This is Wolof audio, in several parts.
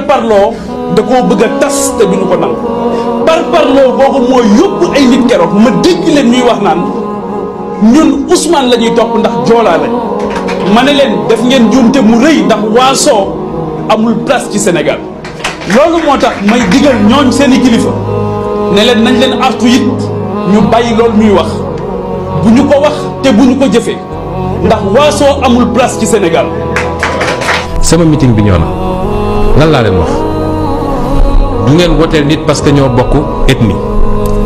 par parloo da koo bëgg a tas te duñu ko nangu par parloo boobu moo yóbbu ay nit keroog ma dégg leen ñuy wax naan ñun Ousmane la topp ndax joolaa lañ ma ne leen def ngeen njuumte mu rëy ndax waasoo amul place ci Sénégal loolu moo tax may digal ñooñ seen kilifa ne leen nañ leen artu it ñu bàyyi loolu ñuy wax bu ñu ko wax te bu ñu ko jëfee ndax waasoo amul place ci Sénégal sama meeting bi ñoo na lan laa leen wax du ngeen woteel nit parce que ñoo bokk ethnie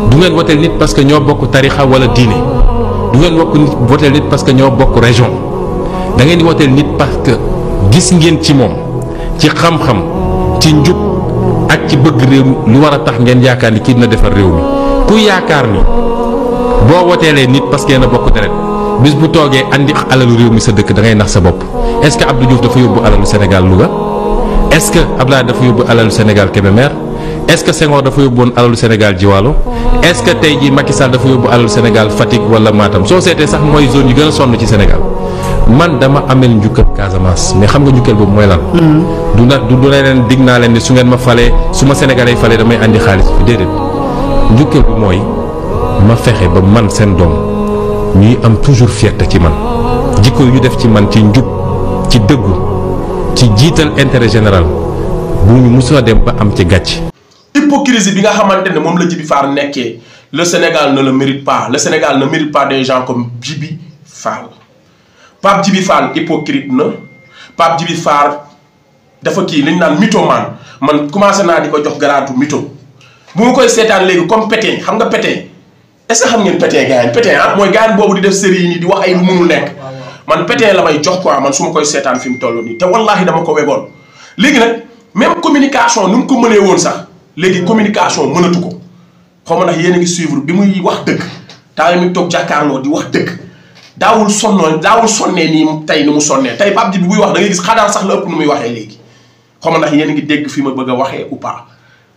du ngeen woteel nit parce que ñoo bokk tarixa wala diine du ngeen wokk nit woteel nit parce que ñoo bokk région da ngeen di woteel nit parce que gis ngeen ci moom ci xam-xam ci njub ak ci bëgg réew mi lu war a tax ngeen yaakaar ni kii dina defar réew mi ku yaakaar ni boo woteelee nit parce que yéen a bokk deret bis bu toogee indi alalu réew mi sa dëkk da ngay nax sa bopp est-ce que Abdou Diouf dafa yóbbu alalu Sénégal Louga est-ce que Abdoulaye dafa yóbbu alalu Sénégal Kébémer est-ce que dafa yóbbu woon alalu Sénégal Jiwaalo est que tey jii Macky Sall dafa yóbbu alalu Sénégal Fatick wala Matam soo seetee sax mooy zone yu gën a sonn ci Sénégal man dama ameel njukkal Casamance mais xam nga njukkal boobu mooy lan. Hmm. du na du leneen dig naa leen su ngeen ma falee su ma Sénégalais falee damay andi xaalis bi déedéet njukkal bi mooy ma fexe ba man seen doom ñuy am toujours fierté ci man jikko yu ñu def ci man ci njub ci dëggu. ci jiital intérêt général bu ñu musa dem ba am ci gàcc hypocrisie bi nga xamante ne moom la Djiby Fall nekkee le Sénégal ne le mérite pas la Sénégal na mérite pas des gens comme Djiby Fall Pape Djiby Fall hypocrite na Pape Djiby Fall dafa kii li ñu naan mythomane man commencé naa di ko jox garaatu mytho bu ma koy seetaan léegi comme Pétain xam nga Pétain est-ce xam ngeen Pétain gars yi ah mooy gars boobu di def série yi nii di wax ay lu munul nekk man pétin la may jox ko quoi man su ma koy seetaan fi mu toll nii te wallaahi dama ko wegoon léegi nag même communication nu mu ko mënee woon sax léegi communication mënatu ko xaw ma ndax yéen a ngi suivre bi muy wax dëgg temps muy toog jàkkaarloo di wax dëkk daawul sonnoo daawul sonnee nii tey ni mu sonnee tey Pape Djiby buy wax da ngay gis xanaa sax la ëpp nu muy waxee léegi xaw ma ndax yéen a ngi dégg fi ma bëgg a waxee ou pas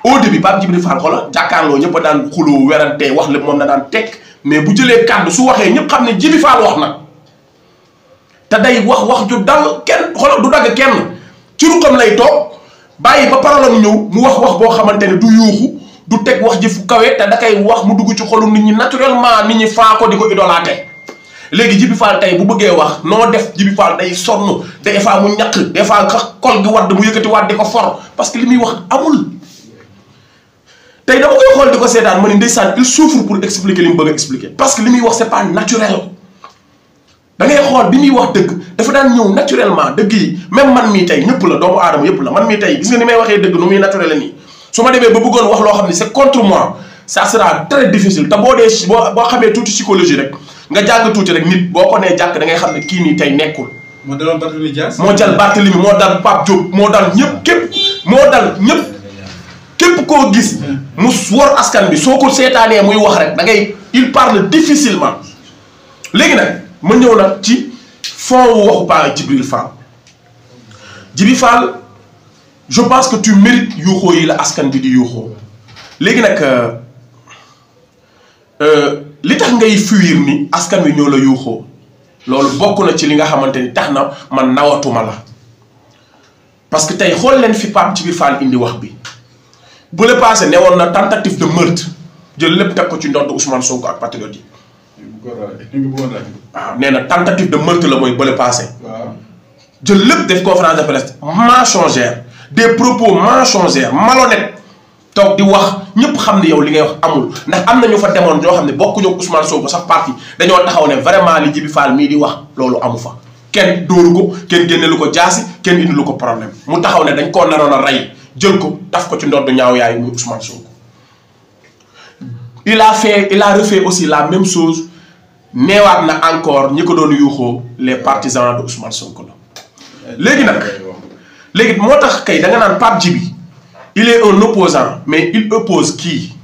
au début Pape Djibril Fall xoola jàkkaarloo ñëpp a daan xuloo werante wax lépp moom na daan tekk mais bu jëlee su waxee ñëpp xam ne Djibi Fall wax na te day wax wax ju dal kenn xoolal du dagg kenn ci ruqam lay toog bàyyi ba parolam ñëw mu wax wax boo xamante ne du yuuxu du teg wax ji fu kawe te da wax mu dugg ci xolu nit ñi naturellement nit ñi faa ko di ko idolaate léegi Jibi Fall tey bu bëggee wax noo def Jibi Fall day sonn des fois mu ñàkk des fois kol gi wadd mu yëkkati waat di ko for parce que li muy wax amul. tey dama koy xool di ko seetaan ma ni ndeysaan il souffre pour expliquer li mu bëgg parce que li muy wax c'est pas naturel. dangay xool bi muy wax dëgg dafa daan ñëw naturellement dëgg yi même man mii tey ñëpp la doomu aadama yëpp la man mii tey gis nga ni may waxee dëgg nu muy naturel nii su ma demee ba bëggoon wax loo xam ne c'est contre moi ça sera très difficile te boo dee boo boo xamee tuuti psychologie rek nga jàng tuuti rek nit boo ko nee jàkk da xam ne kii nii tey nekkul. moo daloon Barthélemy Dias. moo jal Barthélemy moo dal Pape Diop moo dal ñëpp képp moo dal ñëpp képp koo gis mu war askan bi soo ko seetaanee muy wax rek da ngay il difficilement léegi nag. ma ñëw nag ci fond wu waxu Paa Djibril Fall Djibril Fall je pense que tu mérites yuuxoo yi la askan bi di yuuxoo léegi nag euh, euh, li tax ngay fuir ni askan bi ñoo la yuuxoo loolu bokk na ci li nga xamante ni tax na man nawatuma la parce que tey xool leen fi Pape Djibril Fall indi wax bi bu la passé ne woon na tentative de meurtre jël lépp teg ko ci ndodd Ousmane Sonko ak patriote yi Ah, nee na tentative de meurtre la mooy bële passé. jël lépp def conférence de presse ah. mensongère des propos malo malhonnêtes toog di wax ñëpp xam ne yow li ngay wax amul ndax am na ñu fa demoon ñoo xam ne bokkuñu ak soo Sonko sax parti dañoo taxaw ne vraiment li Djibi Fall mii di wax loolu amu fa. kenn dóoru ko kenn génne lu ko jaasi kenn indi lu ko problème mu taxaw ne dañ koo naroon a rey jël ko taf ko ci ndoddu ñaaw yaay muy Ousmane Sonko. il a la même chose. neewaat na encore ñi ko doon yuuxoo les partisans de Ousmane Sonko la léegi nag léegi moo tax kay da nga naan Pape Djibi il est un opposant mais il oppose kii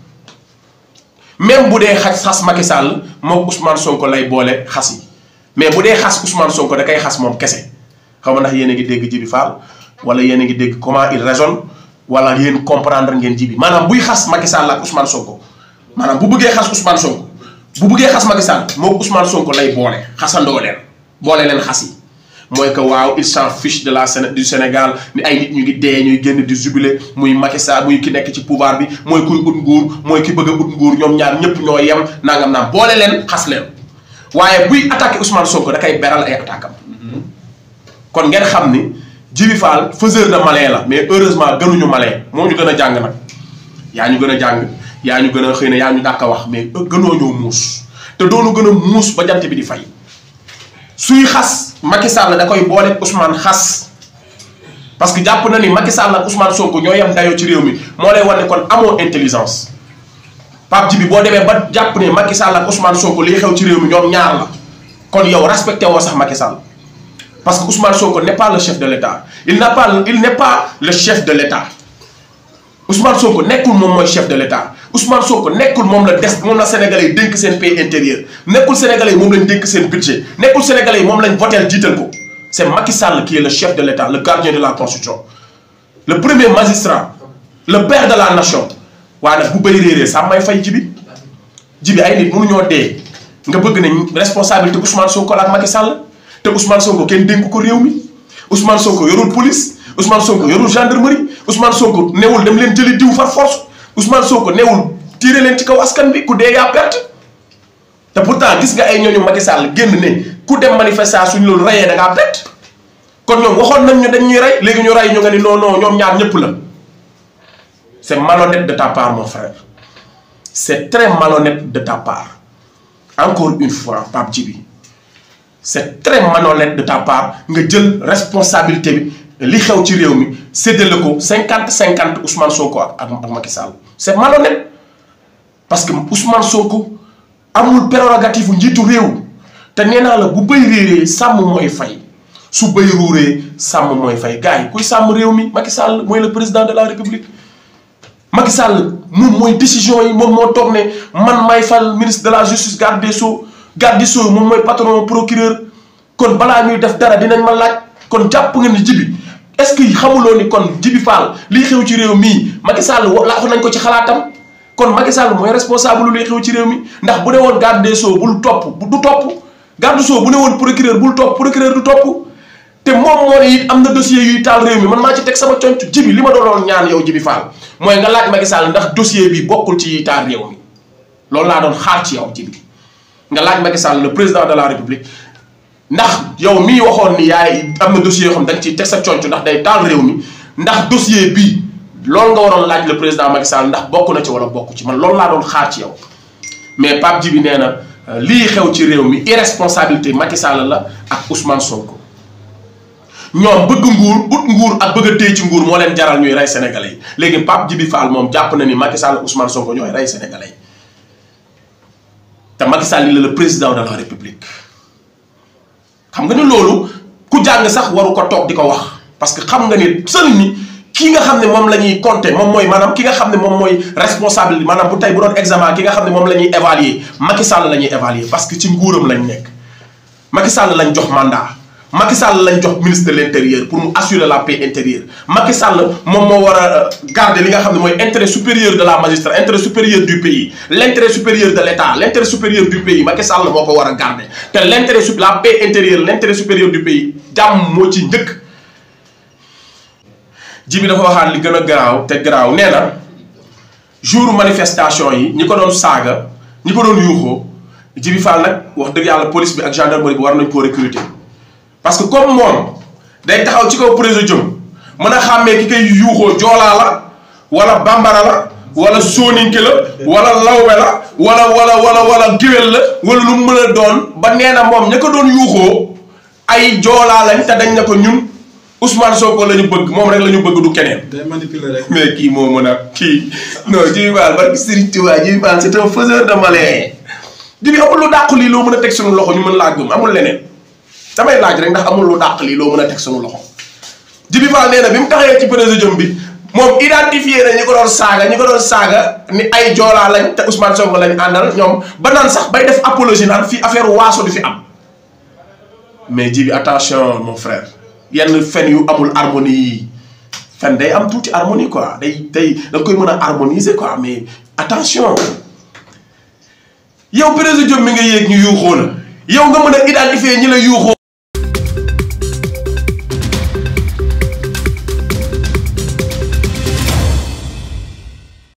même bu dee xas xas Macky Sall moom Ousmane Sonko lay boole xas yi mais bu dee xas Ousmane Sonko da kay xas moom kese xam nga ndax yéen a ngi dégg Djibi Fall wala yéen a ngi dégg comment il raisonne wala yéen comprendre ngeen Djibi maanaam buy xas Macky Sall ak Ousmane Sonko maanaam bu bëggee xas Ousmane Sonko. bu buggee xas Macky Sall moom Ousmane Sonko lay boole xasandoo leen boole leen xas yi mooy que waaw il s'en fiche de la Séné Sénégal ni ay nit ñu ngi dee ñuy génn di jubilé muy Macky Sall muy ki nekk ci pouvoir bi mooy kuy ut nguur mooy ki bëgg a ut nguur ñoom ñaar ñëpp ñoo yem nangam naa boole leen xas leen waaye buy attaqué Ousmane Sonko da koy beral ay attaque am kon ngeen xam ni Djibi Fall faiseur de malin la mais heureusement gënuñu male moo ñu gën a jàng nag yaa ñu gën a jàng. yaa ñu gën a xëy na yaa ñu dàq wax mais gënoo ñoo muus te doonu gën a muus ba jant bi di fay suy xas Macky Sall da koy boole Ousmane xas parce que jàpp na ni Macky Sall ak Ousmane Sonko ñoo yem dayoo ci réew mi moo lay wan kon amoo intelligence Pape Djibi boo demee ba jàpp ne Macky Sall ak Ousmane Sonko liy xew ci réew mi ñoom ñaar la kon yow respecté woo sax Macky parce que Ousmane Sonko n'est pas le chef de l'État il n'a pas il n'est pas de l'État Ousmane Sonko nekkul moom mooy chef de l'État Ousmane Sonko nekkul moom la des moom la sénégalais yi dénk seen pays intérieur nekkul sénégalais yi moom lañ dénk seen budget nekkul sénégalais yi moom lañ votel jiital ko c'est Macky Sall qui est le chef de l'État le gardien de la constitution le premier magistrat le père de la nation waa nag bu bëri réeree sax may fay jibi jibi ay nit mënuñoo dee nga bëgg nañ responsabilité Ousmane Sonko la ak Sall te Ousmane Sonko kenn dénk ko réew mi Ousmane Sonko yorul police Ousmane Sonko yorul gendarmerie Ousmane Sonko newul dem leen jëli diw far force man Ousmane ko neewul tiire leen ci kaw askan bi ku dee yaa perte te pourtant gis nga ay ñooñu Macky Sall génn ne ku dem manifestation suñ loolu rayee da ngaa perte kon ñoom waxoon nañ ñu dañ ñuy rey léegi ñu rey ñu nga ni non non ñoom ñaar ñëpp la c'est malhonnête de ta part mon frère c'est très malhonnête de ta part encore une fois Pape Djibi c'est très malhonnête de ta nga jël responsabilité bi li xew ci réew mi séddale ko cinquante cinquante soo Sonko ak ak Macky Sall c'est malhonnête parce que soo ko amul prérogative njiitu réew te nee naa la bu bëy réeree sàmm mooy fay su bëy ruuree sàmm mooy fay gars yi kuy sàmm réew mi Macky Sall mooy le président de la République Macky Sall moom mooy décision yi moom moo toog ne man may fal ministre de la justice garde des sceaux garde des sceaux moom mooy patron procureur kon balaa ñuy def dara dinañ ma laaj kon jàpp nga ni jibi est-ce que xamuloo ni kon Jibi Fall liy xew ci réew mii Macky Sall laaxu nañ ko ci xalaatam kon Macky Sall mooy responsable luy xew ci réew mi ndax bu ne woon garde des bul topp du topp garde soo bu ne woon procureur bul topp procureur du topp te moom moo it am na dossier yuy taal réew mi man maa ci teg sama conc Jibi li ma doonoon ñaan yow Jibi faal mooy nga laaj Macky Sall ndax dossier bi bokkul ci yuy taal réew mi loolu laa doon xaar ci yow Jibi nga laaj Macky Sall le président de la République ndax yow mii waxoon ni yaay am na dossier yoo xam da nga ciy teg sa conc ndax day taal réew mi ndax dossier bi loolu nga waroon laaj le président Macky Sall ndax bokk na ci wala bokk ci man loolu laa doon xaar ci yow mais Pape Djibi nee na euh, lii xew ci réew mi irresponsabilité Macky Sall la ak Ousmane Sonko ñoom bëgg nguur ut nguur ak bëgg téye ci nguur moo leen jaral ñuy rey sénégalais yi léegi Pape Djibi Fall moom jàpp na ni Macky Sall ak Ousmane Sonko ñooy rey sénégalais yi te Macky Sall li la président de xam nga ne loolu ku jàng sax waru ko toog di ko wax parce que xam nga ne sëriñ ni ki nga xam ne moom la ñuy compter moom mooy maanaam ki nga xam ne moom mooy responsable bi maanaam bu tey bu doon examen ki nga xam ne moom la ñuy évaluer Macky Sall la ñuy évaluer parce que ci nguuram lañ nekk Macky Sall lañ jox mandat Macky Sall lañ jox ministre de l' intérieur pour mu assurer la paix intérieure Macky Sall moom moo war a euh, garder li nga xam ne mooy intérêt supérieur de la magistrature intérêt supérieur du pays l' intérêt supérieur de l' état supérieur du pays Macky Sall moo ko war a garder te l' intérêt la paix intérieure l' intérêt supérieur du pays jàmm moo ci njëkk. ji bi dafa waxaat li gën a garaaw te garaaw nee na jour manifestation yi ñi ko doon saaga ñi ko doon yuuxoo ji bi dëgg yàlla police bi ak bi war nañ koo recruter. parce que comme moom day taxaw ci kaw présidium mën a xàmmee ki koy yuuxoo joolaa la wala bambara la wala sooninke la wala lawbe la wala wala wala wala géwél la wala lu mën a doon ba nee na moom ña ko doon yuuxoo ay joolaa lañ te dañ na ko ñun Ousmane Sonko la ñu bëgg moom rek la ñu bëgg du keneen. day manipuler mais kii moo mën a kii non Djiby Fall barki Serigne Touba Djiby lu dàqu lii loo mën a teg suñu loxo ñu mën laa gëm amul leneen. damay laaj rek ndax amul lu dàq lii loo mën a teg sunu loxo Djibi Fall nee na bi mu taxawee ci présidium bi moom identifié na ñi ko doon saaga ñi ko doon saaga ni ay joolaa lañ te Ousmane Sonko lañ àndal ñoom ba naan sax bay def apologie naan fii affaire waaso du fi am mais Djibi attention mon frère yenn fen yu amul harmonie yi fen day am tuuti harmonie quoi day day da nga koy mën a harmoniser quoi mais attention yow présidium mi nga yéeg ñu yuuxoo la yow nga mën a identifier ñi la yuuxoo